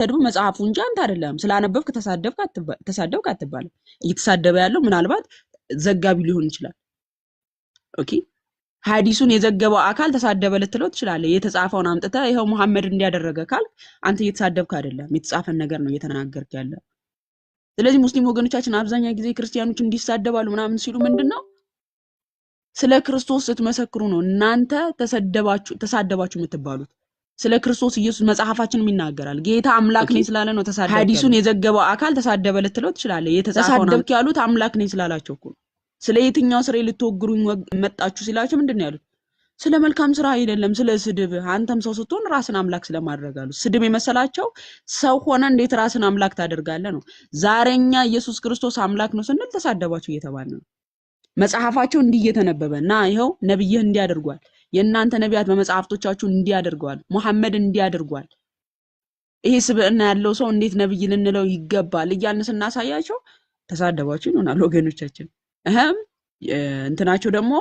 ተድብ መጽሐፉ እንጂ አንተ አይደለም። ስላነበብክ ተሳደብክ አትባልም። እየተሳደበ ያለው ምናልባት ዘጋቢ ሊሆን ይችላል። ኦኬ ሀዲሱን የዘገበው አካል ተሳደበ ልትለው ትችላለህ። የተጻፈውን አምጥተ ይኸው መሐመድ እንዲያደረገ ካልክ አንተ እየተሳደብክ አይደለም፣ የተጻፈን ነገር ነው እየተናገርክ ያለ። ስለዚህ ሙስሊም ወገኖቻችን አብዛኛው ጊዜ ክርስቲያኖች እንዲሳደባሉ ምናምን ሲሉ ምንድን ነው ስለ ክርስቶስ ስትመሰክሩ ነው እናንተ ተሳደባችሁ የምትባሉት። ስለ ክርስቶስ ኢየሱስ መጽሐፋችንም ይናገራል። ጌታ አምላክ ነኝ ስላለ ነው ተሳደብክ። ሐዲሱን የዘገበው አካል ተሳደበ ልትለው ትችላለህ። የተሳደብክ ያሉት አምላክ ነኝ ስላላቸው እኮ ስለ የትኛው ስራ ልትወግሩኝ መጣችሁ ሲላቸው ምንድን ነው ያሉት? ስለ መልካም ስራ አይደለም፣ ስለ ስድብ። አንተም ሰው ስትሆን ራስን አምላክ ስለማድረግ አሉ። ስድብ የመሰላቸው ሰው ሆነ እንዴት ራስን አምላክ ታደርጋለህ ነው። ዛሬኛ ኢየሱስ ክርስቶስ አምላክ ነው ስንል ተሳደባችሁ እየተባለ ነው። መጽሐፋቸው እንዲህ እየተነበበ እና ይኸው ነብይህ እንዲያደርጓል የእናንተ ነቢያት በመጽሐፍቶቻችሁ እንዲህ አድርገዋል፣ ሙሐመድ እንዲህ አድርጓል። ይሄ ስብዕና ያለው ሰው እንዴት ነብይ ልንለው ይገባል እያልን ስናሳያቸው ተሳደባችሁ ይሆናል ወገኖቻችን። እህም እንትናቸው ደግሞ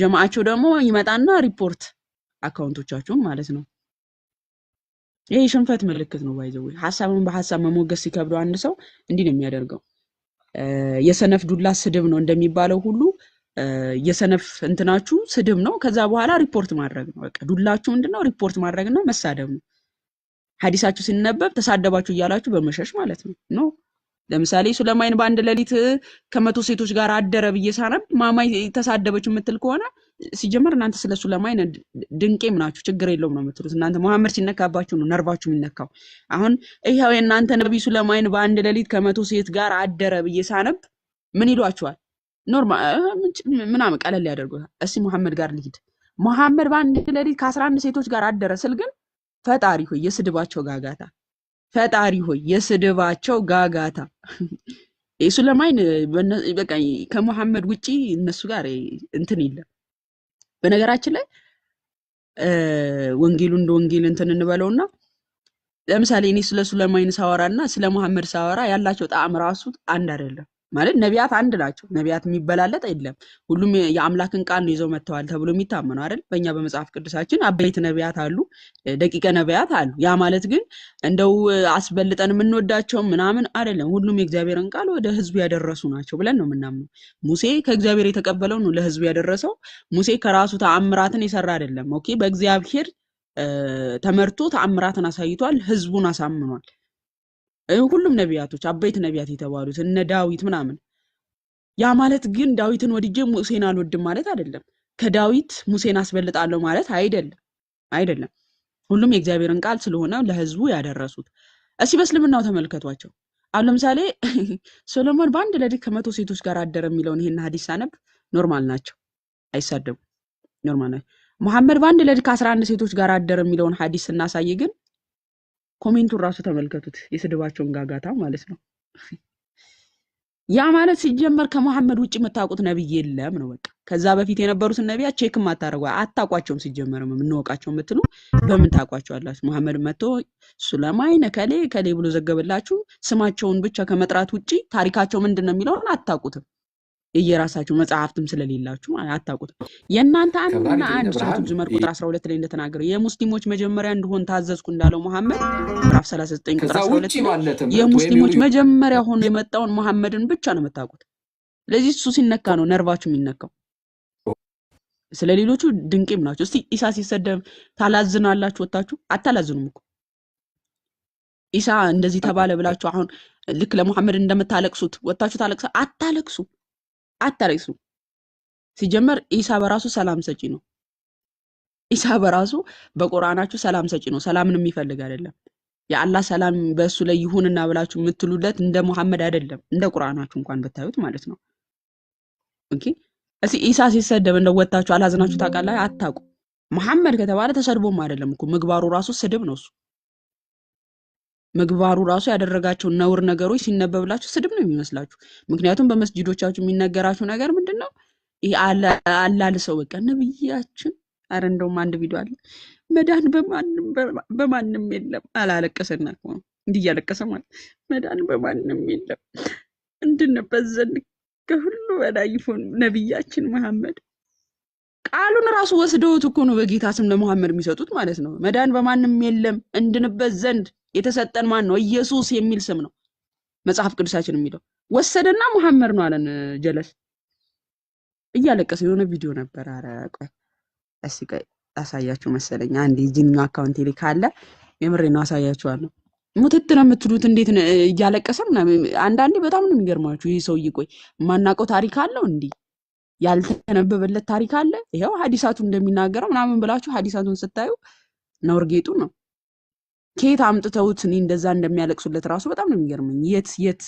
ጀማአቸው ደግሞ ይመጣና ሪፖርት አካውንቶቻችሁን ማለት ነው። ይሄ ሽንፈት ምልክት ነው። ባይዘው ሀሳብን በሀሳብ መሞገስ ሲከብደው አንድ ሰው እንዲህ ነው የሚያደርገው። የሰነፍ ዱላ ስድብ ነው እንደሚባለው ሁሉ የሰነፍ እንትናችሁ ስድብ ነው። ከዛ በኋላ ሪፖርት ማድረግ ነው። በቃ ዱላችሁ ምንድነው? ሪፖርት ማድረግ ነው፣ መሳደብ ነው። ሀዲሳችሁ ሲነበብ ተሳደባችሁ እያላችሁ በመሸሽ ማለት ነው ኖ ለምሳሌ ሱለማይን በአንድ ሌሊት ከመቶ ሴቶች ጋር አደረ ብዬ ሳነብ ማማይ ተሳደበች የምትል ከሆነ ሲጀመር እናንተ ስለ ሱለማይን ድንቄ ምናችሁ ችግር የለውም ነው የምትሉት። እናንተ መሐመድ ሲነካባችሁ ነው ነርቫችሁ የሚነካው። አሁን ይኸው የእናንተ ነቢይ ሱለማይን በአንድ ሌሊት ከመቶ ሴት ጋር አደረ ብዬ ሳነብ ምን ይሏችኋል? ኖርማል ምናምን ቀለል ያደርጉታል። እስኪ መሐመድ ጋር ልሂድ። መሐመድ በአንድ ሌሊት ከአስራ አንድ ሴቶች ጋር አደረ ስል ግን ፈጣሪ ሆይ የስድባቸው ጋጋታ፣ ፈጣሪ ሆይ የስድባቸው ጋጋታ ሱለማይን በቃ ከመሐመድ ውጪ እነሱ ጋር እንትን የለም። በነገራችን ላይ ወንጌሉ እንደ ወንጌል እንትን እንበለውና ለምሳሌ እኔ ስለ ሱለማይን ሳወራ እና ስለ መሐመድ ሳወራ ያላቸው ጣዕም ራሱ አንድ አይደለም። ማለት ነቢያት አንድ ናቸው። ነቢያት የሚበላለጥ የለም። ሁሉም የአምላክን ቃል ነው ይዘው መጥተዋል ተብሎ የሚታመኑ አይደል? በእኛ በመጽሐፍ ቅዱሳችን አበይት ነቢያት አሉ፣ ደቂቀ ነቢያት አሉ። ያ ማለት ግን እንደው አስበልጠን የምንወዳቸው ምናምን አይደለም። ሁሉም የእግዚአብሔርን ቃል ወደ ሕዝቡ ያደረሱ ናቸው ብለን ነው የምናምነው። ሙሴ ከእግዚአብሔር የተቀበለው ነው ለሕዝቡ ያደረሰው። ሙሴ ከራሱ ተአምራትን የሰራ አይደለም። ኦኬ፣ በእግዚአብሔር ተመርቶ ተአምራትን አሳይቷል፣ ሕዝቡን አሳምኗል። ሁሉም ነቢያቶች አበይት ነቢያት የተባሉት እነ ዳዊት ምናምን። ያ ማለት ግን ዳዊትን ወድጄ ሙሴን አልወድም ማለት አይደለም። ከዳዊት ሙሴን አስበልጣለሁ ማለት አይደለም አይደለም። ሁሉም የእግዚአብሔርን ቃል ስለሆነ ለህዝቡ ያደረሱት። እስቲ በእስልምናው ተመልከቷቸው። አሁን ለምሳሌ ሶሎሞን በአንድ ለድ ከመቶ ሴቶች ጋር አደረ የሚለውን ይህን ሀዲስ ሳነብ ኖርማል ናቸው፣ አይሳደቡ ኖርማል ናቸው። መሐመድ በአንድ ለድ ከአስራ አንድ ሴቶች ጋር አደረ የሚለውን ሀዲስ ስናሳይ ግን ኮሜንቱን ራሱ ተመልከቱት። የስድባቸውን ጋጋታ ማለት ነው። ያ ማለት ሲጀመር ከመሐመድ ውጭ የምታውቁት ነቢይ የለም ነው በቃ። ከዛ በፊት የነበሩትን ነቢያት ቼክም አታደርጓ አታቋቸውም። ሲጀመር የምንወቃቸው የምትሉ በምን ታቋቸዋላችሁ? መሐመድ መጥቶ ሱለማይን ከሌ ከሌ ብሎ ዘገበላችሁ። ስማቸውን ብቻ ከመጥራት ውጭ ታሪካቸው ምንድን ነው የሚለውን አታውቁትም። የየራሳችሁ መጽሐፍትም ስለሌላችሁ አታውቁትም። የእናንተ አንዱና አንድ ስራቱ ዝመር ቁጥር 12 ላይ እንደተናገረው የሙስሊሞች መጀመሪያ እንደሆን ታዘዝኩ እንዳለው መሐመድ ምዕራፍ 39 ቁጥር 12 የሙስሊሞች መጀመሪያ ሆኖ የመጣውን መሐመድን ብቻ ነው የምታውቁት። ለዚህ እሱ ሲነካ ነው ነርቫችሁ የሚነካው። ስለ ሌሎቹ ድንቄም ናቸው። እስቲ ኢሳ ሲሰደብ ታላዝናላችሁ? ወታችሁ አታላዝኑም እኮ ኢሳ እንደዚህ ተባለ ብላችሁ አሁን ልክ ለሙሐመድ እንደምታለቅሱት ወታችሁ ታለቅሰ አታለቅሱ አታርቅሱ። ሲጀመር ኢሳ በራሱ ሰላም ሰጪ ነው። ኢሳ በራሱ በቁርአናችሁ ሰላም ሰጪ ነው። ሰላምን የሚፈልግ አይደለም። የአላህ ሰላም በእሱ ላይ ይሁንና ብላችሁ የምትሉለት እንደ መሐመድ አይደለም። እንደ ቁርአናችሁ እንኳን ብታዩት ማለት ነው። ኦኬ እሲ ኢሳ ሲሰደብ እንደወታችሁ አላዝናችሁ ታውቃላችሁ? አታውቁ። መሐመድ ከተባለ ተሰድቦም አይደለም እኮ ምግባሩ ራሱ ስድብ ነው እሱ ምግባሩ ራሱ ያደረጋቸው ነውር ነገሮች ሲነበብላችሁ ስድብ ነው የሚመስላችሁ። ምክንያቱም በመስጅዶቻችሁ የሚነገራችሁ ነገር ምንድን ነው? ይህ አላልሰው በቃ ነብያችን አረ እንደውም አንድ ቪዲዮ አለ መዳን በማንም የለም አላለቀሰና ነው እንዲህ እያለቀሰ ማለት መዳን በማንም የለም እንድንበት ዘንድ ከሁሉ በላይ ይሁን ነብያችን መሐመድ ቃሉን ራሱ ወስደውት እኮ ነው በጌታ ስም ለመሐመድ የሚሰጡት ማለት ነው። መዳን በማንም የለም እንድንበት ዘንድ የተሰጠን ማን ነው? ኢየሱስ የሚል ስም ነው መጽሐፍ ቅዱሳችን የሚለው። ወሰደና መሐመድ ነው አለን። ጀለስ እያለቀሰ የሆነ ቪዲዮ ነበር። ኧረ ቆይ እስኪ ቆይ አሳያችሁ መሰለኝ። አንድ የዚህኛው አካውንት ላይ ካለ የምሬ ነው አሳያችኋለሁ። ሙትት ነው የምትሉት። እንዴት እያለቀሰ አንዳንዴ በጣም ነው የሚገርማችሁ። ይህ ሰውዬ ቆይ የማናውቀው ታሪክ አለው እንዲህ ያልተነበበለት ታሪክ አለ። ይኸው ሀዲሳቱ እንደሚናገረው ምናምን ብላችሁ ሀዲሳቱን ስታዩ ነውር ጌጡ ነው። ከየት አምጥተውት እኔ እንደዛ እንደሚያለቅሱለት ራሱ በጣም ነው የሚገርመኝ። የት የት